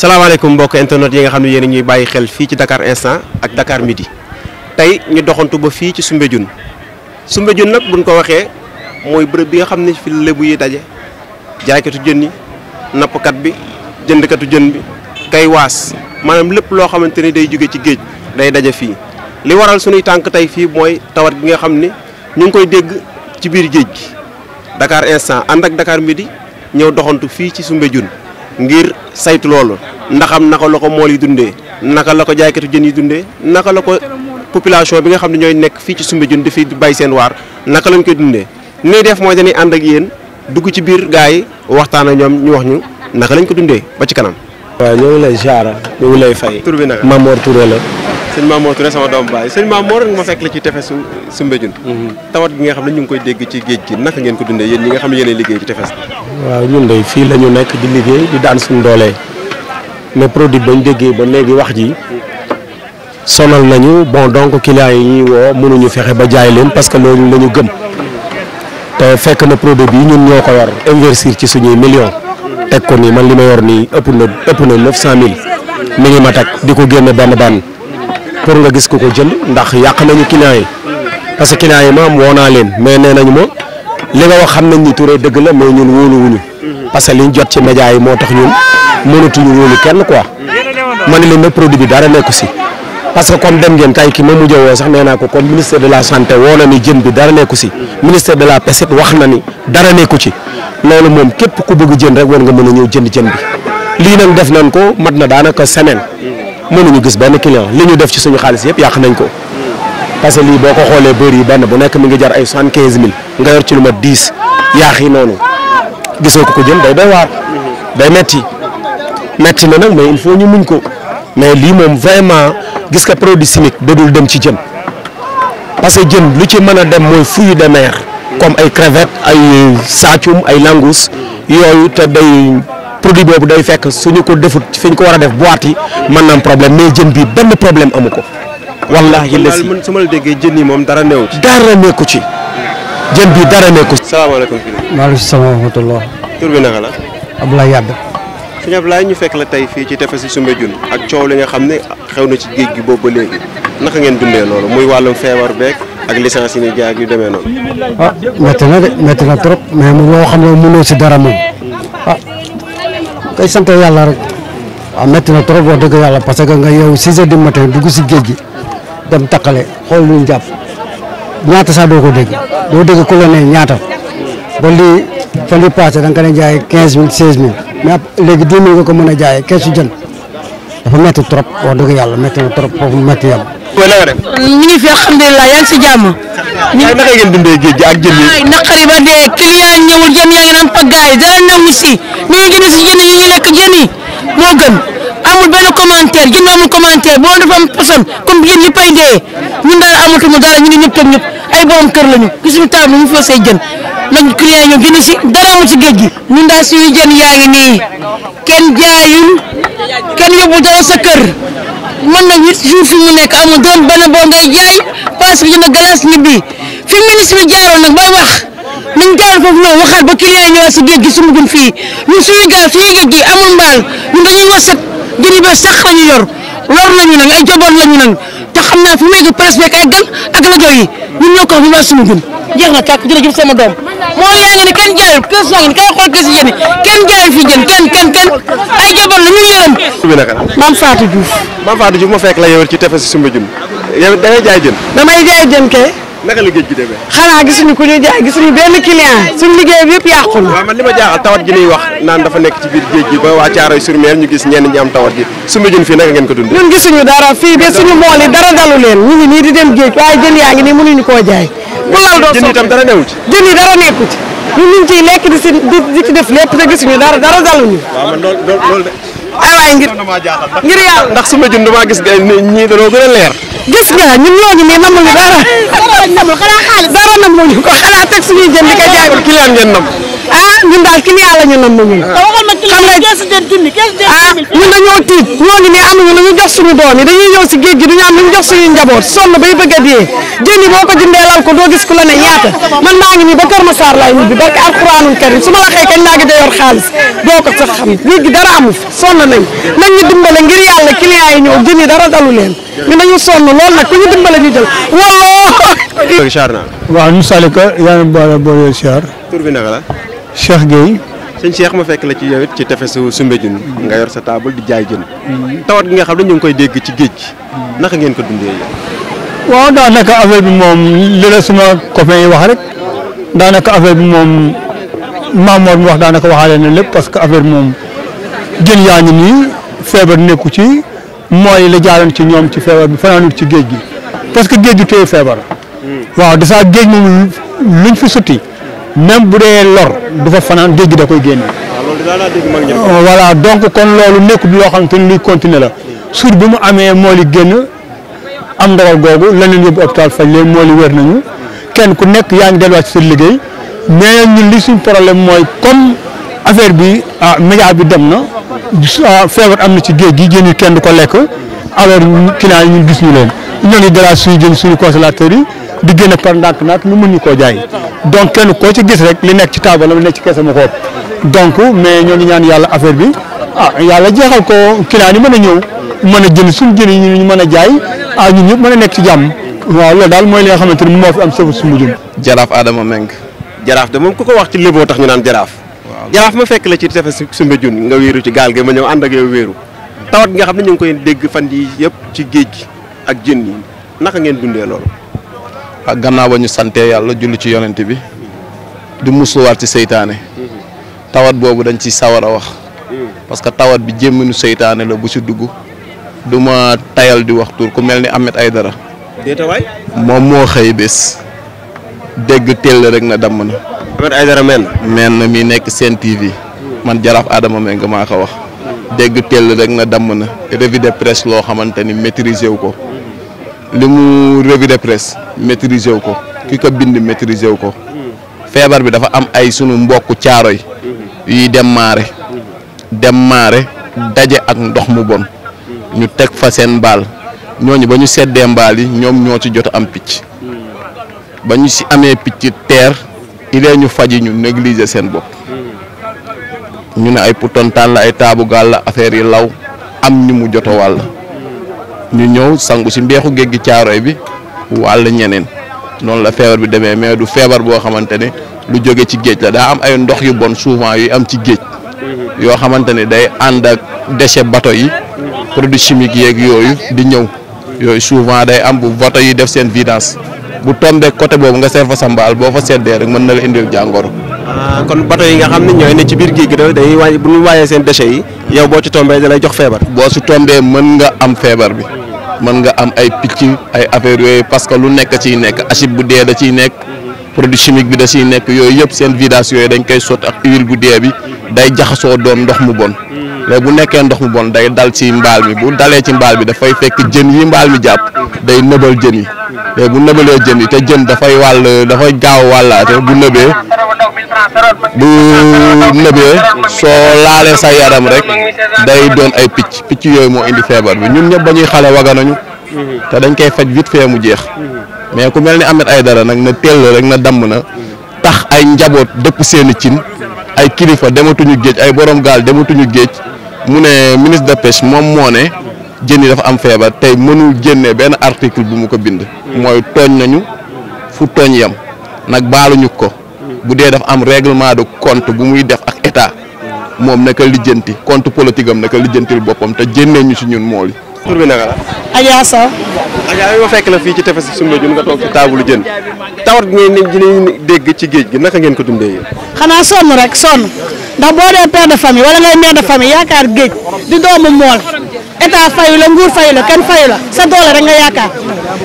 salaamaaleykum mbokk internet yi nga xam ne yéen ñuy bàyyi xel fii ci Dakar instant ak Dakar midi tey ñu doxantu ba fii ci Soumbédioune Soumbédioune nag buñ ko waxee mooy bërëb bi nga xam ne fi lébu yi daje jaaykatu jën yi nappkat bi jëndkatu jën bi kay waas maanaam lépp loo xamante ni day jóge ci géej day daje fii li waral suñuy tànk tey fii mooy tawat gi nga xam ni ñu ngi koy dégg ci biir géej gi dakaar instant ànd ak Dakar midi ñëw doxantu fii ci Soumbédioune ngir saytu loolu ndaxam naka la ko mool yi dundee naka la ko jaaykatu jën yi dundee naka la ko population bi nga xam ne ñooy nekk fii ci Soumbédioune di fi bàyyi seen waar naka lañ koy dundee li def mooy dañuy ànd ak yéen dugg ci biir gars yi waxtaan ak ñoom ñu wax ñu naka lañ ko dundee ba ci kanam. waaw ñoo ngi lay ziar ñoo ngi lay fay. tur bi nag la. sëñ Maam Mor Touré sama doom baay sëñ Maam Mor nga ma fekk la ci tefesu su Mbédioune mhm. tawat gi nga xam ne ñu ngi koy dégg ci géej gi naka ngeen ko dundee yéen ñi nga xam ne yéenay liggéey ci tefes waaw ñun de fii la ñu nekk di liggéey di daan suñu doolee mais produit bañ déggee ba néegi wax ji sonal nañu bon donc clients yi ñuy woo mënuñu fexe ba jaay leen parce que loolu la ñu gëm te fekk na produit bi ñun ñoo ko yor investir ci suñuy million teg ko nii man li ma yor nii ëpp na ëpp na neuf cent mille mi ngi ma teg di ko génn benn benn pour nga gis ko ko jënd ndax yàq nañu client yi parce que client yi maam woo naa leen mais nee nañu ma li nga wax xam nañ ni Touré dëgg la mais ñun wóoluwuñu parce que liñ jot ci média yi moo tax ñun mënatuñu wóolu kenn quoi ma ne leen nag produit bi dara nekku si parce que comme dem ngeen tey ki ma mujj woo sax nee naa ko comme ministère de la santé woo na ni jën bi dara nekku si ministère de la pêche wax na ni dara nekku ci loolu moom képp ku bëgg jën rek war nga mën a ñëw jënd jën lii nag def nañ ko mat na daanaka semaine mënuñu gis benn client li ñu def ci suñu xaalis yëpp yàq nañ ko parce que lii boo ko xoolee bëri yi benn bu nekk mu ngi jar ay soixante quinze mille nga yor ci lu mat dix yaax yi noonu gisoo ko ko jël day doy waar day metti metti na nag mais il faut ñu muñ ko mais lii moom vraiment gis ka produit chimique dadul dem ci jën parce que jën lu ci mën a dem mooy fruits de mer comme ay crevettes ay saacum ay langous yooyu te day produit boobu day fekk suñu ko defut fi ñu ko war a def boîte yi mën na am problème mais jën bii benn problème amu ko. wallaahi la si su ma la déggee jën yi moom dara neewu ci. dara nekku ci jën bii dara nekku ci. salaamaaleykum. maaleykum salaam wa rahmatulah. tur bi naka la. Abdoulaye Yade. sëñ Abdoulaye ñu fekk la tey fii ci tefes Soumbédioune ak coow li nga xam ne xew na ci géej gi boobu ba léegi naka ngeen dundee loolu muy wàllum feebar beeg ak licence yi ñuy jaay ak yu demee noonu. ah métti na de métti na trop mais loo xam ne mënoo si dara moom ah. kay sant yàlla rek waaw ah, métti na trop wax dëgg yàlla parce que nga yow 6 heures du matin dugg si géej gi dem taqale xool luñ jàpp ñaata sax doo ko dégg doo dégg ku la ñaata ba lii fan yii passé da nga ko leen jaayee 15000 16000 mais léegi 10 000 ko mën a jaayee keesu jën dafa métti trop wax dëgg yàlla métti na trop foofu métti yàlla. koy la nga ngi fi alhamdulilah yaa ngi si jàmm. ñu ngi naka ngeen dundee géej gi ak jën yi. waay naqari ba dee client ñëwul jën yaa ngi naan fa gars yi dara namu si mais ñu jënd si jën yi ñu lekk jën yi moo gën amul benn commentaire jën amul commentaire boo dafa am personne comme jën yi pay dee ñun daal amatuñu dara ñu ngi ñëpp toog ñëpp ay borom kër lañu gisuñu table ñu fa say jën. man client ñoom si dara amul si géej gi ñun daal suñu yaa ngi ken kenn jaayul kenn yóbbu dara sa kër mën na huit jours fi mu nekk amul doon benn boo ngay jaay paas bi jënd glace ñibbi fi ministre bi jaaroon nag bay wax nañ jaaroon foofu noonu waxaat ba client yi ñëwaat si géej gi suñu gun fii ñun suñuy gaal suñuy géej gi amul mbaal ñun dañuy wasak jën yi ba sax la ñu yor lor lañu nag ay joboon lañu nag te xam naa fi mu nekk presse beeg ay gan ak rajo yi ñun ñoo ko wax ñu waa suñu gun jeex na kàkk jërëjëf yaa nga ne kan laaj kees yaa ngi nii kay xool kees yi yéen kenn jaay fi jën kenn kenn ay la Mame Fatou Diouf. Mame Fatou Diouf ma fekk la yow ci da ngay jaay jën. damay jaay jën kay. naka la géej gi demee. xanaa gisuñu ku ñu jaay gisuñu benn client suñu liggéey bi yëpp yàqu na. waaw man li wax naan dafa nekk ci biir géej gi ba waa gi Soumbédioune fii naka ngeen ko dund. ñun gisuñu dara fii ba suñu mool yi dara dalu leen ñu ngi nii di dem géej waaye jën yaa ngi nii mënuñu koo jaay. bu law doo jën itam dara newu jën yi dara nekku ñun ñu ngi ciy lekk di si di ci def lépp te gisuñu dara dara daluñu. waaw man loolu loolu de. ay waay ngir ngir yàlla. ndax su ma jëm damaa gis gars yi ñii dañoo gën a leer. gis nga ñun ñoo ngi nii namuñu dara. dara namuñu ko xanaa teg suñuy jënd di ko jaay. client ngeen nam. ah ñun daal client la ñu nam ñun. moom rek ah ñun ngi ne lu ñu jox suñu doom yi dañuy ñëw si géej gi duñu am lu ñu jox suñu njaboot sonn bay bëgg a dee jën ko jëndee lal ko doo gis ku la ne ñaata man maa ngi nii ba Kër Massar laay ñibbi barke alxuraanul karim su ma waxee kañ laa a yor xaalis doo ko sax xam géej ngir yàlla clients yi ñëw dara dalu leen ñu dañu sonn lool nag ku ñu dimbale ñu jël walloo. waaw ñu sàle ka yaa ngi boole boole Cheikh Gueye. sëñ Cheikh ma fekk la ci yow it ci tefesu Soumbédioune nga yor sa table di jaay jën tawat gi nga xam ne ñu ngi koy dégg ci géej gi naka ngeen ko dundee yow waaw daanaka affaire bi moom li la suma copain yi wax rek daanaka affaire bi moom Mamour mu wax daanaka waxaale na lépp parce que affaire bi moom jën yaa ngi nii feebar nekku ci mooy la jaaroon ci ñoom ci feebar bi fanaanul ci géej gi parce que géej gi téye feebar hmm. waaw de géej moom luñ fi suti même bu dee lor du fa fanaan géej gi da koy génne. voilà donc kon loolu nekkul loo xam te ni luy continuer la suur bi mu amee moo li génn am ndogal googu na yóbbu hôpital faj leen moo li wér nañu kenn ku nekk yaa ngi delluwaat ci seen liggéey mais ñun li suñ problème mooy comme affaire bi ah média bi dem na ah, feebar am na ci géej gi jën yi kenn du ko lekk alors client yi ñun gis ñu leen ñoo ngi galaas suñu jën suñu conservateur yi. di génn par ndànk naat ñu mun ñu koo jaay donc kenn koo ci gis rek li nekk ci la li nekk ci keesam ko donc mais ñoo ngi ñaan yàlla affaire bi ah yàlla jeexal ko client yi mën a ñëw mën a jënd suñu jën yi ñu mën a jaay ah ñu ñëpp mën a nekk ci jàmm waaw loolu daal mooy li nga xamante ni moo am sëfu suñu jëm. jaraaf Adama Meng. jaraaf de moom ku ko wax ci léboo tax ñu naan jaraaf. waaw jaraaf ma fekk la ci tefes Soumbédioune nga wéeru ci gaal gi ma ñëw ànd ak yow wéeru tawat nga xam ne ñu ngi koy dégg fan yi yëpp ci géej gi ak jën yi naka ngeen dundee loolu ak gannaaw ba ñu sante yàlla julli ci yonent bi du musuwaat ci seytaane tawat boobu dañ ci sawar a wax parce que tawat bi jémminu seytaane la bu ci dugg du ma tayal di wax tur ku mel ni Ahmed Aidara moom moo xëy bés dégg tell rek na damm na Ahmed na mi nekk seen TV man jaraaf Adama Mbengue maa ko wax dégg tell rek na damm na revue de presse loo xamante ni maîtriser wu ko li mu revue de presse maîtriser wu ko ki ko bind maîtriser wu ko feebar bi dafa am ay sunu mbokk caaro yi yuy dem maare dem daje ak ndox mu bon ñu teg fa seen mbaal ñooñu ba ñu seddee mbaal yi ñoom ñoo ci jot am picc ba ñu si amee picc teer ilee ñu faj yi ñu négliger seen bopp ñu ne ay poutontaan la ay taabu gaal la affaire yi law am ñu mu joto wàll ñu ñëw sangu si mbeexu géej gi caaroy bi wàll ñeneen noonu la feebar bi demee mais du feebar boo xamante ne lu jóge ci géej la daa am ay ndox yu bon souvent yu am ci géej yoo xamante ne day ànd ak déchet bato yi produits chimiques yeeg yooyu di ñëw yooyu souvent day am bu bato yi def seen vidange bu tombé côté boobu nga seet fa sa mbaal boo fa seddee rek mën na la indil jàngoro. Ah, kon bato yi nga xam ne ñooy ne ci biir géej gi da day waaj bu ñu waayee seen déchets yi yow boo ci tombé da lay jox feebar. boo si tombé mën nga am feebar bi. mën nga am ay picc ay affaire yooyu parce que lu nekk ciy nekk acide bu dee da ciy nekk produit chimique bi da ciy nekk yooyu yëpp seen vidage yooyu dañ koy sotti ak huile bu dee bi day jaxasoo doon ndox mu bon léegi bu nekkee ndox mu bon day dal ci mbaal mi bu dalee ci mbaal bi dafay fekk jën yi mbaal mi jàpp day nëbal jën yi léegi bu nëbalee jën yi te jën dafay wàll dafay gaaw wàllaate bu nëbee bu nëbee soo laalee sa yaram rek day doon ay picc picc yooyu moo indi feebar bi ñun ñëpp ba ñuy xale waganañu te dañ koy faj vite fait mu jeex mais ku mel ni ay dara nag na tell rek na damm na tax ay njaboot dëpp seeni cin ay kilifa dematuñu géej ay borom gaal dematuñu géej mu ne ministre de pêche moom moo ne jën yi dafa am feebar tey mënul génne benn article bu mu ko bind mooy tooñ nañu fu tooñ yam nag baaluñu ko bu dee dafa am règlement de compte bu muy def ak état moom naka lijjanti compte politique am naka lijjantil boppam te jénnee ñu si ñun mool yi. tur bi naka la. Adja Sow. Adja yow fekk la fii ci tefes Soumbédioune nga toog ci taabalu jën tawat ngeen ne dinañ dégg ci géej gi naka ngeen ko dundee yéen. xanaa sonn rek sonn ndax boo dee père famille wala ngay mère de famille yaakaar géej di doomu mool état fayu la nguur fayu la kenn fayu la sa doole rek nga yaakaar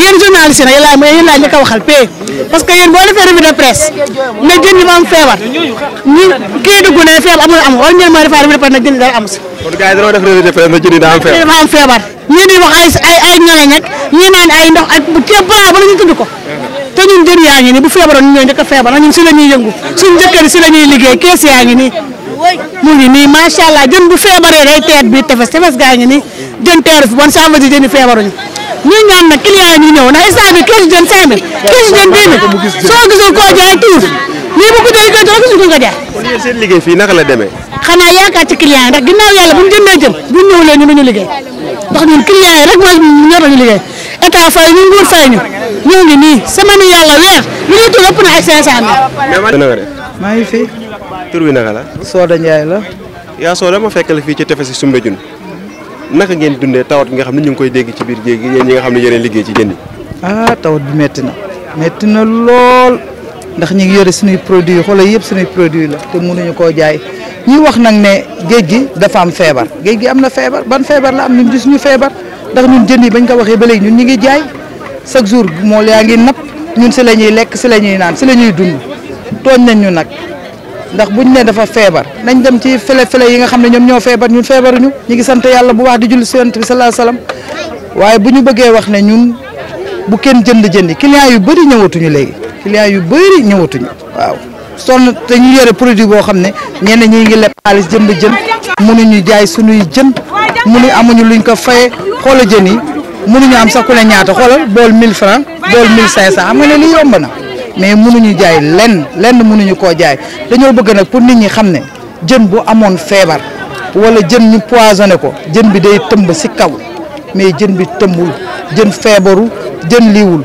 yéen journaliste parce que yéen boo defee revue de presse ne jën ñi ma am feebar ne feebar amul amul ñi dara amu si kon ñi am feebar dafa am feebar ñii ñii naan ay ndox ak ceeb balaa ba ñu tudd ko te ñun jën yaa ngi nii bu feebaroon ñu ñooy njëkk a feebar ñun si la ñuy yëngu suñu jëkkër si la ñuy liggéey kees yaa ngi ni mu ngi nii macha allah jën bu feebaree day teet bii tefes tefes gaa ngi ni jën teeru fi bon ça veut dire jën feebaruñu ñuy ñaan nag client ñu ñëw ndax instant bi kenn jën cinq mille jën dix soo gisul koo jaay tuuf lii bu ko jaay ko gisul ko jaay. kon yéen seen liggéey fii naka la demee. xanaa yaakaar ci client yi ndax ginnaaw yàlla bu ñu jëndee jëm bu ñu ñëwulee ñu duñu liggéey ndax ñun client yi rek mooy ñor la ñu liggéey état fay ñu nguur fay ñu ñoo ngi nii semaine yàlla weer lu ñuy tudd ëpp na ay cinq cent mille. maa ngi fi. tur wi naka la. Soda Ndiaye la. yaa Soda ma fekk la fii ci tefe tefes Soumbédioune naka ngeen dundee tawat nga xam ne ñu ngi koy dégg ci biir jéeg yi yéen ñi nga xam ne yéen liggéey ci jën yi. Ah, tawat bi métti na métti na lool ndax ñu ngi yore suñuy produit xoolal yëpp suñuy produit la te mënuñu koo jaay ñuy wax nag ne géej gi dafa am feebar géej gi am na feebar ban feebar la am ñun gis ñu feebar ndax ñun jën yi bañ ko waxee ba léegi ñun ñu ngi jaay chaque jour mool yaa ngi napp ñun si la ñuy lekk si la ñuy naan si la dund tooñ nañ ñu nag ndax bu buñ nee dafa feebar nañ dem ci fele fele yi nga xam ne ñoom ñoo feebar ñun feebaruñu ñu ngi sant yàlla bu baax di julli sant bi sallallahu alayhi waaye bu ñu bëggee wax ne ñun bu kenn jënd yi client yu bëri ñëwatuñu léegi client yu bëri ñëwatuñu waaw sonn te ñu yore produit boo xam ne ñenn ñi ngi leb xaalis jënd jën ñu jaay suñuy jën mënuñu amuñu lu luñ ko fayee xoola jën yi mënuñu am sax ku ne ñaata xoolal bool 1000 francs bool 1500 xam nga ne li yomb na mais mënuñu jaay lenn lenn mënuñu koo jaay dañoo bëgg nag pour nit ñi xam ne jën bu amoon feebar wala jën ñu poisonné ko jën bi day tëmb si kaw mais jën bi tëmbul jën feebaru jën liiwul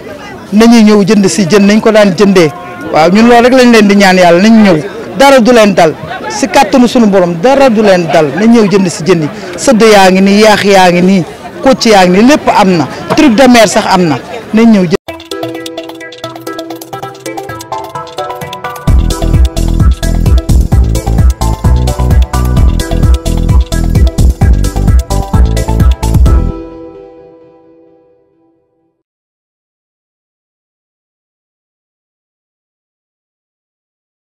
nañuy ñëw jënd si jën nañ ko daan jëndee waaw ñun lool rek lañ leen di ñaan yàlla nañ ñëw dara du leen dal si kàttanu sunu borom dara du leen dal nañ ñëw jënd si jën yi sëdd yaa ngi nii yaax yaa ngi nii kocc yaa ngi nii lépp am na truc de mer sax am na nañ ñëw